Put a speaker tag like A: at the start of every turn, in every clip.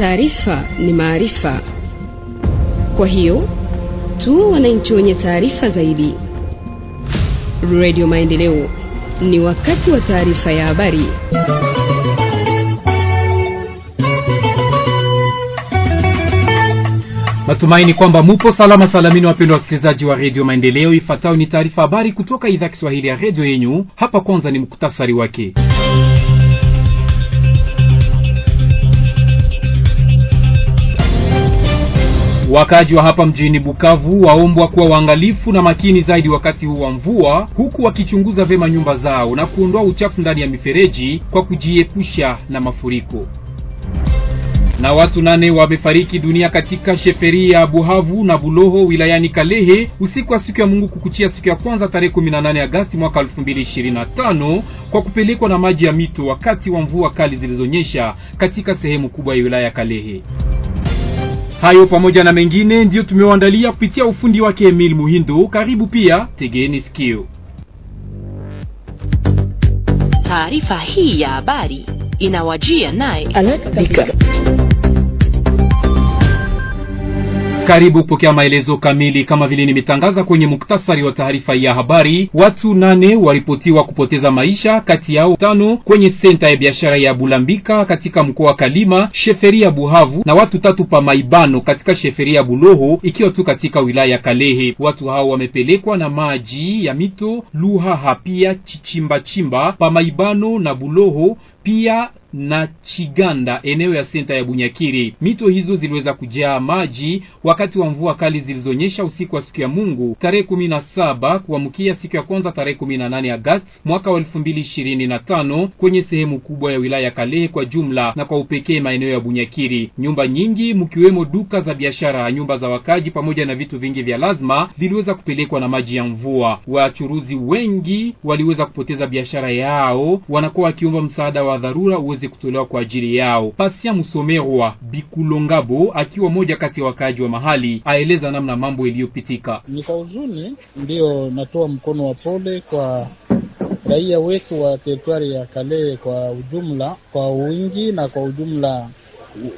A: Taarifa ni maarifa, kwa hiyo tu wananchi wenye taarifa zaidi. Radio Maendeleo, ni wakati wa taarifa ya habari.
B: Natumaini kwamba mupo salama salamini, wapendwa wasikilizaji wa redio Maendeleo. Ifuatayo ni taarifa habari kutoka idhaa Kiswahili ya redio yenyu. Hapa kwanza ni muktasari wake. Wakaaji wa hapa mjini Bukavu waombwa kuwa waangalifu na makini zaidi wakati huu wa mvua, huku wakichunguza vyema nyumba zao na kuondoa uchafu ndani ya mifereji kwa kujiepusha na mafuriko. Na watu nane wamefariki dunia katika sheferi ya Buhavu na Buloho wilayani Kalehe usiku wa siku ya Mungu kukuchia siku ya kwanza tarehe 18 Agosti mwaka 2025 kwa kupelekwa na maji ya mito wakati wa mvua kali zilizonyesha katika sehemu kubwa ya wilaya ya Kalehe. Hayo pamoja na mengine ndiyo tumewaandalia kupitia ufundi wake Emil Muhindo. Karibu pia, tegeni sikio.
A: Taarifa hii ya habari inawajia naye
B: Karibu kupokea maelezo kamili. Kama vile nimetangaza kwenye muktasari wa taarifa ya habari, watu nane waripotiwa kupoteza maisha, kati yao tano kwenye senta ya biashara ya Bulambika katika mkoa wa Kalima, sheferia Buhavu, na watu tatu pa Maibano katika sheferia Buloho, ikiwa tu katika wilaya ya Kalehe. Watu hao wamepelekwa na maji ya mito luha hapia Chichimbachimba pa Maibano na Buloho pia na Chiganda eneo ya senta ya Bunyakiri. Mito hizo ziliweza kujaa maji wakati wa mvua kali zilizonyesha usiku wa siku ya Mungu tarehe kumi na saba kuamkia siku ya kwanza tarehe kumi na nane Agosti mwaka wa elfu mbili ishirini na tano kwenye sehemu kubwa ya wilaya ya Kalehe kwa jumla na kwa upekee maeneo ya Bunyakiri. Nyumba nyingi mkiwemo duka za biashara, nyumba za wakaji pamoja na vitu vingi vya lazima viliweza kupelekwa na maji ya mvua. Wachuruzi wengi waliweza kupoteza biashara yao, wanakuwa wakiomba msaada wa dharura uweze zianze kutolewa kwa ajili yao. Pasia Musomerwa Bikulongabo akiwa moja kati ya wakaaji wa mahali aeleza namna mambo iliyopitika. Ni kwa
C: huzuni ndiyo natoa mkono wa pole kwa raia wetu wa teritwari ya Kalehe kwa ujumla, kwa wingi na kwa ujumla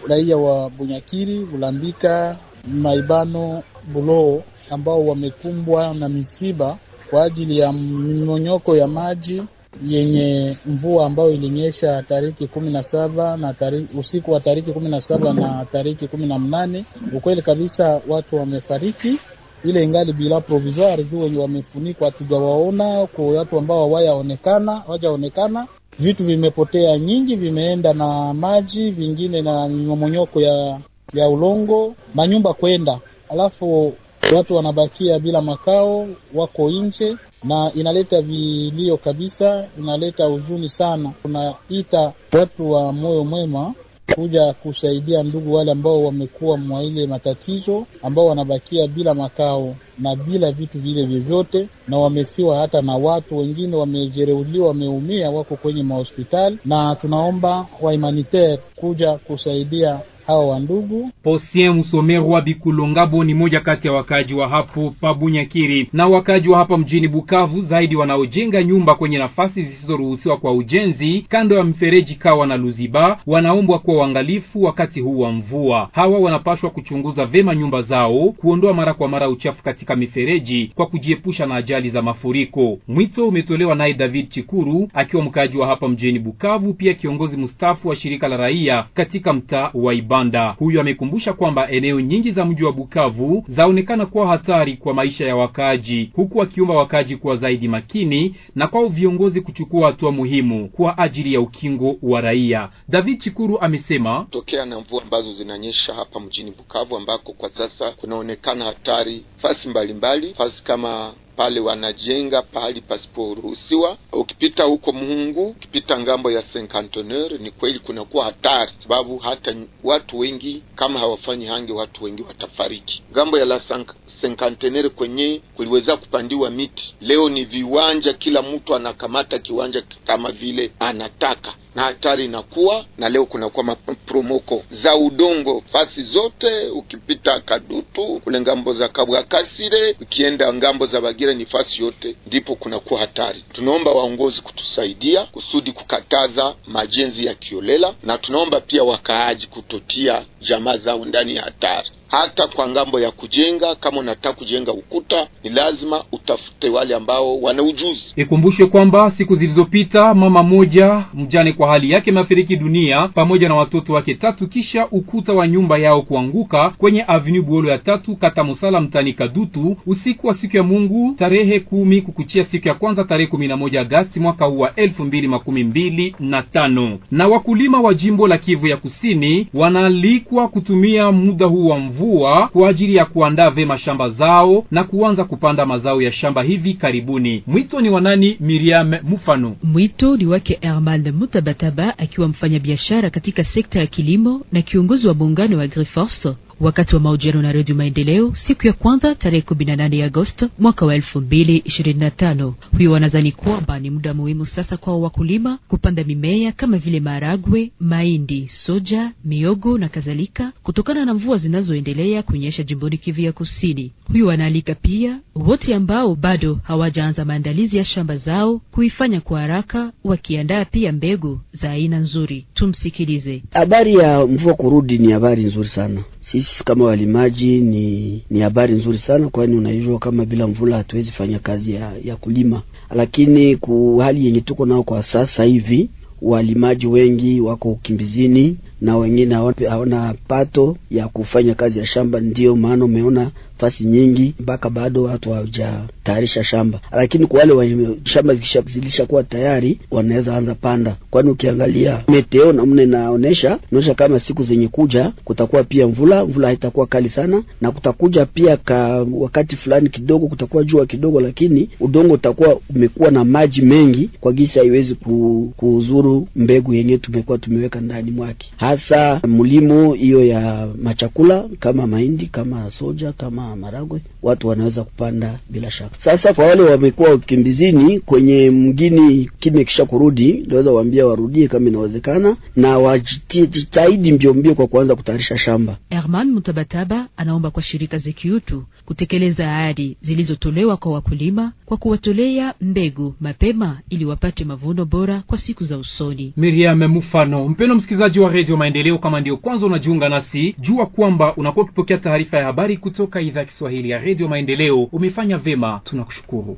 C: raia wa Bunyakiri, Bulambika, Maibano, Buloo ambao wamekumbwa na misiba kwa ajili ya mmonyoko ya maji yenye mvua ambayo ilinyesha tariki kumi na saba na tariki, usiku wa tariki kumi na saba na tariki kumi na mnane ukweli kabisa watu wamefariki ile ingali bila provisoire juu wenye wamefunikwa hatujawaona. Kwa watu ambao hawayaonekana wajaonekana, vitu vimepotea nyingi, vimeenda na maji, vingine na momonyoko ya, ya ulongo, manyumba kwenda, alafu watu wanabakia bila makao, wako nje na inaleta vilio kabisa, inaleta huzuni sana. Tunaita watu wa moyo mwema kuja kusaidia ndugu wale ambao wamekuwa mwa ile matatizo, ambao wanabakia bila makao na bila vitu vile vyovyote, na wamefiwa hata na watu wengine, wamejereuliwa, wameumia, wako kwenye mahospitali, na tunaomba wahumanitaire kuja kusaidia hao wandugu.
B: Posien wa Bikulongabo ni moja kati ya wakaaji wa hapo Pabunyakiri na wakaaji wa hapa mjini Bukavu zaidi wanaojenga nyumba kwenye nafasi zisizoruhusiwa kwa ujenzi kando ya mfereji Kawa na Luziba wanaombwa kuwa uangalifu wakati huu wa mvua. Hawa wanapaswa kuchunguza vema nyumba zao, kuondoa mara kwa mara uchafu katika mifereji kwa kujiepusha na ajali za mafuriko. Mwito umetolewa naye David Chikuru akiwa mkaaji wa hapa mjini Bukavu, pia kiongozi mstaafu wa shirika la raia katika mtaa wa Iba vibanda. huyu amekumbusha kwamba eneo nyingi za mji wa Bukavu zaonekana kuwa hatari kwa maisha ya wakaaji, huku akiomba wakaaji kuwa zaidi makini na kwao viongozi kuchukua hatua muhimu kwa ajili ya ukingo wa raia. David Chikuru amesema
D: tokea na mvua ambazo zinanyesha hapa mjini Bukavu, ambako kwa sasa kunaonekana hatari fasi mbalimbali, fasi kama pale wanajenga pahali pasiporuhusiwa. Ukipita huko mhungu ukipita ngambo ya Senkantoner, ni kweli kunakuwa hatari, sababu hata watu wengi kama hawafanyi hange, watu wengi watafariki. Ngambo ya la Senkantoner kwenye kuliweza kupandiwa miti, leo ni viwanja, kila mtu anakamata kiwanja kama vile anataka na hatari inakuwa na leo kunakuwa mapromoko za udongo fasi zote, ukipita Kadutu kule ngambo za Kabwakasire, ukienda ngambo za Bagira, ni fasi yote ndipo kunakuwa hatari. Tunaomba waongozi kutusaidia kusudi kukataza majenzi ya kiolela, na tunaomba pia wakaaji kutotia jamaa zao ndani ya hatari hata kwa ngambo ya kujenga. Kama unataka kujenga ukuta, ni lazima
B: utafute wale ambao wana ujuzi. Ikumbushwe kwamba siku zilizopita mama moja mjane kwa hali yake mafariki dunia pamoja na watoto wake tatu, kisha ukuta wa nyumba yao kuanguka kwenye avenue Buolo ya tatu kata Musala mtani Kadutu usiku wa siku ya Mungu tarehe kumi kukuchia siku ya kwanza tarehe kumi na moja Agasti mwaka huu wa elfu mbili makumi mbili na tano. Na wakulima wa jimbo la Kivu ya Kusini wanaalikwa kutumia muda huu wa mvua mvua kwa ajili ya kuandaa vema shamba zao na kuanza kupanda mazao ya shamba hivi karibuni. Mwito ni wanani? Miriam Mufano.
A: Mwito ni wake Armand Mutabataba akiwa mfanyabiashara katika sekta ya kilimo na kiongozi wa muungano wa Agriforce wakati wa mahojiano na Redio Maendeleo siku ya kwanza tarehe 18 Agosto mwaka wa 2025. Huyo wanadhani kwamba ni muda muhimu sasa kwa wakulima kupanda mimea kama vile maharagwe, mahindi, soja, miogo na kadhalika, kutokana na mvua zinazoendelea kunyesha jimboni Kivu ya Kusini. Huyo wanaalika pia wote ambao bado hawajaanza maandalizi ya shamba zao kuifanya kwa haraka, wakiandaa pia mbegu za aina nzuri. Tumsikilize.
E: Habari ya mvua kurudi ni habari nzuri sana sisi kama walimaji ni ni habari nzuri sana, kwani unaijua kama bila mvula hatuwezi fanya kazi ya, ya kulima. Lakini ku hali yenye tuko nao kwa sasa hivi, walimaji wengi wako ukimbizini na wengine hawana pato ya kufanya kazi ya shamba, ndiyo maana umeona nafasi nyingi, mpaka bado watu hawajatayarisha shamba, lakini kwa wale wenye shamba zilishakuwa tayari wanaweza anza panda, kwani ukiangalia meteo namna inaonyesha naonesha kama siku zenye kuja kutakuwa pia mvula, mvula haitakuwa kali sana, na kutakuja pia ka wakati fulani kidogo kutakuwa jua kidogo, lakini udongo utakuwa umekuwa na maji mengi kwa gisa haiwezi ku, kuzuru mbegu yenye tumekuwa tumeweka ndani mwake, hasa mlimo hiyo ya machakula kama mahindi, kama soja, kama Maragwe watu wanaweza kupanda bila shaka. Sasa kwa wale wamekuwa kimbizini kwenye mgini kime kisha kurudi, naweza waambia warudie kama inawezekana, na wajitahidi mbio mbio kwa kuanza kutayarisha shamba.
A: Herman Mutabataba anaomba kwa shirika za kiutu kutekeleza ahadi zilizotolewa kwa wakulima kwa kuwatolea mbegu mapema ili wapate mavuno bora kwa siku za usoni.
B: Miriam Mufano. Mpendwa msikilizaji wa Radio Maendeleo, kama ndio kwanza unajiunga nasi, jua kwamba unakuwa ukipokea taarifa ya habari kutoka idhaa Kiswahili ya Redio Maendeleo umefanya vema, tunakushukuru.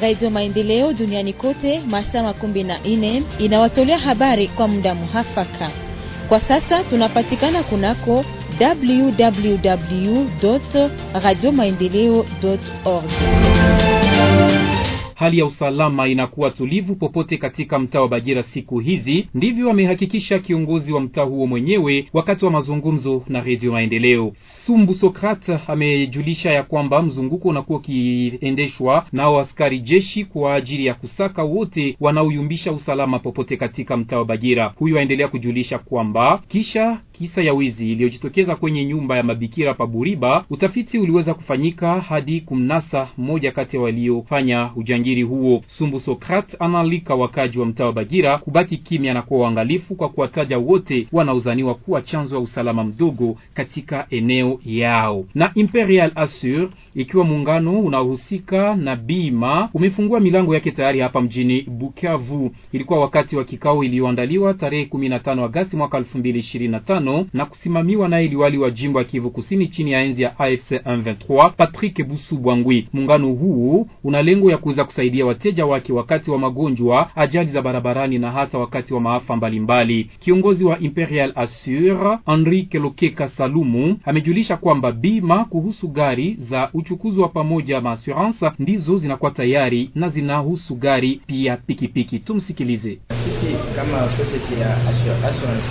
A: Redio Maendeleo duniani kote masaa 14 inawatolea habari kwa muda muhafaka. Kwa sasa tunapatikana kunako www radio maendeleo org
B: hali ya usalama inakuwa tulivu popote katika mtaa wa bagira siku hizi, ndivyo amehakikisha kiongozi wa mtaa huo mwenyewe wakati wa mazungumzo na Redio Maendeleo. Sumbu Sokrat amejulisha ya kwamba mzunguko unakuwa ukiendeshwa nao askari jeshi kwa ajili ya kusaka wote wanaoyumbisha usalama popote katika mtaa wa bagira Huyu aendelea kujulisha kwamba kisha kisa ya wizi iliyojitokeza kwenye nyumba ya mabikira Paburiba, utafiti uliweza kufanyika hadi kumnasa mmoja kati ya waliofanya ujangiri huo. Sumbu Sokrat anaalika wakaji wa mtaa wa Bagira kubaki kimya na kuwa uangalifu kwa kuwataja wote wanaozaniwa kuwa chanzo ya usalama mdogo katika eneo yao. Na Imperial asur ikiwa muungano unaohusika na bima, umefungua milango yake tayari hapa mjini Bukavu. Ilikuwa wakati wa kikao iliyoandaliwa tarehe 15 Agasti mwaka 2025 tano na kusimamiwa naye liwali wa jimbo ya Kivu Kusini chini ya enzi ya AFC M23 Patrick Busu Bwangwi. Muungano huu una lengo ya kuweza kusaidia wateja wake wakati wa magonjwa, ajali za barabarani na hata wakati wa maafa mbalimbali. Kiongozi wa Imperial Assure Henri Kelokeka Salumu amejulisha kwamba bima kuhusu gari za uchukuzi wa pamoja maassurance ndizo zinakuwa tayari na zinahusu gari pia pikipiki. Tumsikilize. Sisi kama society ya assurance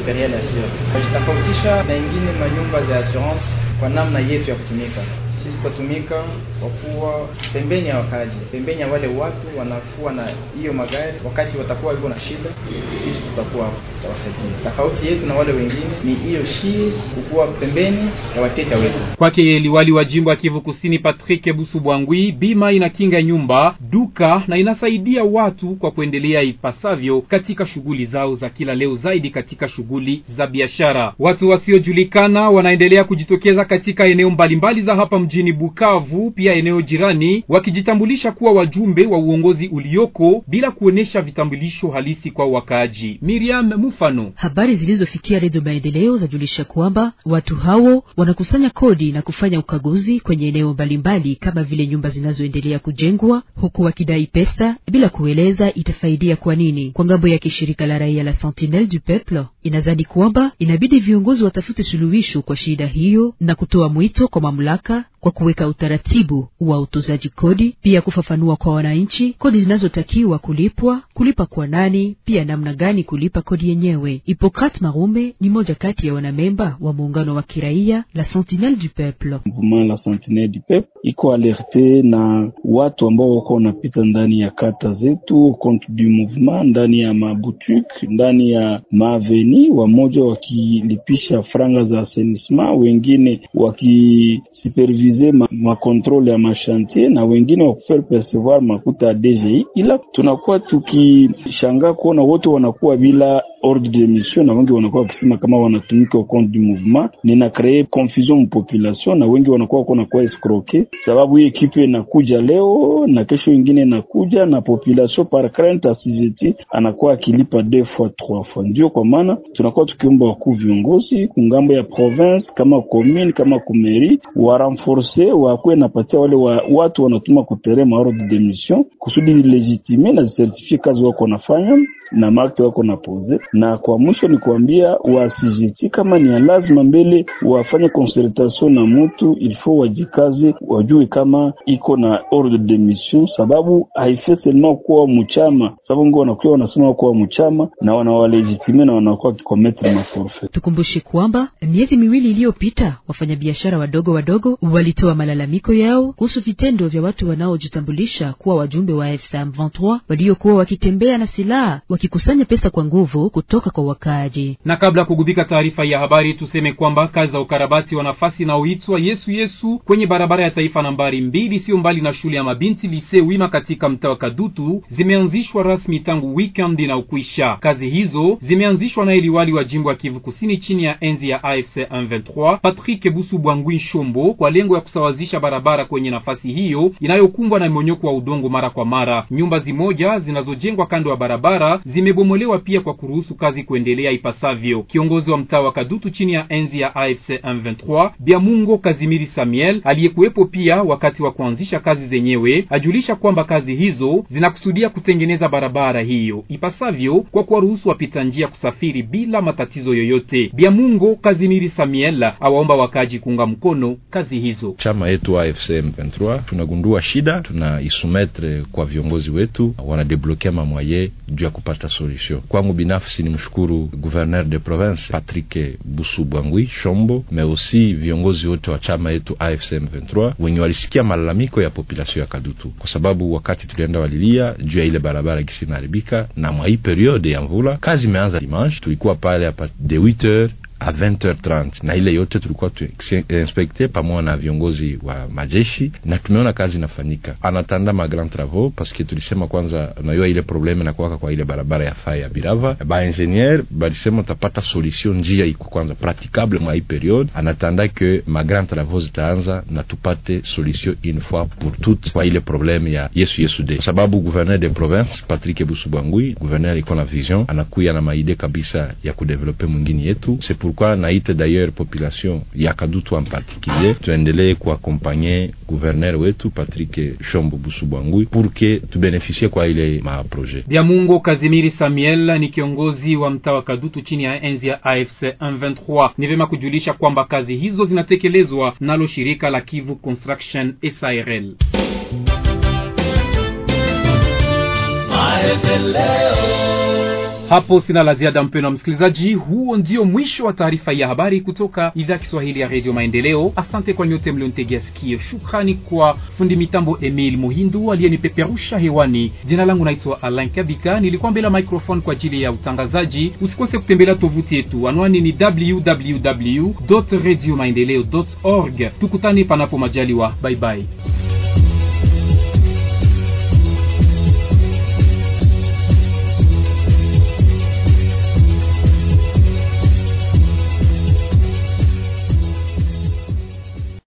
B: Imperial Assure kajitofautisha na ingine manyumba za assurance
F: kwa namna yetu ya kutumika. Sisi tutatumika kwa kuwa pembeni ya wakaji, pembeni ya wale watu wanakuwa na hiyo magari. Wakati watakuwa walio na shida, sisi tutakuwa tutawasaidia. Tofauti yetu na wale wengine ni hiyo shii, kukuwa pembeni ya wateja wetu.
B: Kwake liwali wa jimbo ya Kivu Kusini Patrick Busu Bwangwi, bima inakinga nyumba, duka na inasaidia watu kwa kuendelea ipasavyo katika shughuli zao za kila leo, zaidi katika shughuli za biashara biashara. Watu wasiojulikana wanaendelea kujitokeza katika eneo mbalimbali za hapa mjini Bukavu, pia eneo jirani, wakijitambulisha kuwa wajumbe wa uongozi ulioko bila kuonesha vitambulisho halisi kwa wakaaji. Miriam Mufano.
A: Habari zilizofikia Redio Maendeleo zajulisha kwamba watu hao wanakusanya kodi na kufanya ukaguzi kwenye eneo mbalimbali kama vile nyumba zinazoendelea kujengwa, huku wakidai pesa bila kueleza itafaidia kwa nini. Kwa ngambo ya kishirika la raia la sentinel du Peuple inazani kwamba Inabidi viongozi watafute suluhisho kwa shida hiyo na kutoa mwito kwa mamlaka kwa kuweka utaratibu wa utozaji kodi, pia kufafanua kwa wananchi kodi zinazotakiwa kulipwa, kulipa kwa nani, pia namna gani kulipa kodi yenyewe. Hipokrat Marume ni moja kati ya wanamemba wa muungano wa kiraia la Sentinelle du Peuple.
F: Mouvement la Sentinelle du Peuple iko alerte na watu ambao wako wanapita ndani ya kata zetu contre du mouvement, ndani ya mabutuk, ndani ya maaveni, wamoja wakilipisha franga za asenisma, wengine wakisupervise refuser ma, makontrole ya mashantier na wengine wa kufaire percevoir makuta ya DGI, ila tunakuwa tukishangaa kuona wote wanakuwa bila ordre de mission na wengi wanakuwa wakisema kama wanatumika au compte du mouvement, nina créer confusion population, na wengi wanakuwa wanakuwa escroquer sababu hii ekipe inakuja leo na kesho ingine inakuja na population par crainte asijeti anakuwa akilipa deux fois trois fois. Ndio kwa maana tunakuwa tukiomba wakuu viongozi kungambo ya province kama commune kama kumeri wa renforcer force wakuwe napatia wale wa, watu wanatuma kuterema ordre de mission kusudi legitime na zisertifie kazi wako wanafanya na makte wako napoze. Na kwa mwisho ni kuambia wasijiti, kama ni lazima mbele wafanye concertation na mutu, ilfo wajikaze, wajue kama iko na ordre de mission, sababu haifese na kuwa mchama, sababu ngo wanakuwa wanasema kuwa mchama na wanawalegitimia na wanakuwa kikometre maforfe.
A: Tukumbushe kwamba miezi miwili iliyopita wafanyabiashara wadogo wadogo wali walitoa malalamiko yao kuhusu vitendo vya watu wanaojitambulisha kuwa wajumbe wa M23 waliokuwa wakitembea na silaha wakikusanya pesa kwa nguvu kutoka kwa wakaaji.
B: Na kabla ya kugubika taarifa ya habari, tuseme kwamba kazi za ukarabati wa nafasi inayoitwa Yesu Yesu kwenye barabara ya taifa nambari mbili isiyo mbali na shule ya mabinti Lise Wima katika mtaa wa Kadutu zimeanzishwa rasmi tangu weekend na ukwisha. Kazi hizo zimeanzishwa na eliwali wa jimbo ya Kivu Kusini chini ya enzi ya AFC 23 Patrick Busu Bwangwi Shombo kwa lengo kuweza kusawazisha barabara kwenye nafasi hiyo inayokumbwa na mmonyoko wa udongo mara kwa mara. Nyumba zimoja zinazojengwa kando ya barabara zimebomolewa pia kwa kuruhusu kazi kuendelea ipasavyo. Kiongozi wa mtaa wa Kadutu chini ya enzi ya AFC M23 Biamungo Kazimiri Samuel aliyekuwepo pia wakati wa kuanzisha kazi zenyewe ajulisha kwamba kazi hizo zinakusudia kutengeneza barabara hiyo ipasavyo kwa kuwaruhusu wapita njia kusafiri bila matatizo yoyote. Biamungo Kazimiri Samuel awaomba wakaji kuunga mkono
G: kazi hizo chama yetu AFC M23 tunagundua shida, tunaisumetre kwa viongozi wetu, wanadeblokea mamwaye juu ya kupata solution. Kwangu binafsi ni mshukuru gouverneur de province Patrick Busu Bwangwi Shombo, mais aussi viongozi wote wa chama yetu AFC M23 wenye walisikia malalamiko ya population ya Kadutu, kwa sababu wakati tulienda walilia juu ya ile barabara gisi inaharibika, na mwa hii periode ya mvula kazi imeanza dimanche, tulikuwa pale hapa de 8h à 20h30 na ile yote tulikuwa tuinspekte pamoja na viongozi wa majeshi, na tumeona kazi inafanyika, anatanda ma grand travaux que tulisema kwanza, unajua ile probleme nakuwaka kwa ile barabara ya faa ya Birava, ba ingenier balisema utapata solution, njia iko kwanza praticable mwa hii periode, anatanda ke ma grand travaux zitaanza na tupate solution une fois pour toutes kwa ile probleme ya yesu yesu de, sababu gouverneur de province Patrick Ebusu gouverneur iko na vision, anakuya na maide kabisa ya kudevelope mwingine yetu pourquoi naita d'ailleurs population ya Kadutu en particulier, tuendelee kuakompanye guverner wetu Patrick Shombo Busubwangui purke tubenefisie kwa ile maprojet
B: bya Byamungo Kazimiri Samuel ni kiongozi wa mtaa wa Kadutu chini ya enzi ya AFC M23. Ni vema kujulisha kwamba kazi hizo zinatekelezwa nalo shirika la Kivu Construction SARL. Hapo sina la ziada, wa msikilizaji, huo ndio mwisho wa taarifa ya habari kutoka idhaa Kiswahili ya redio Maendeleo. Asante kwa nyote mliontegea sikio. Shukrani kwa fundi mitambo Emil Muhindu aliyenipeperusha hewani. Jina langu naitwa Alain Kabika, nilikuwa mbele ya microphone kwa ajili ya utangazaji. Usikose kutembelea tovuti yetu, anwani ni www radio maendeleo org. Tukutane panapo majaliwa, baibai.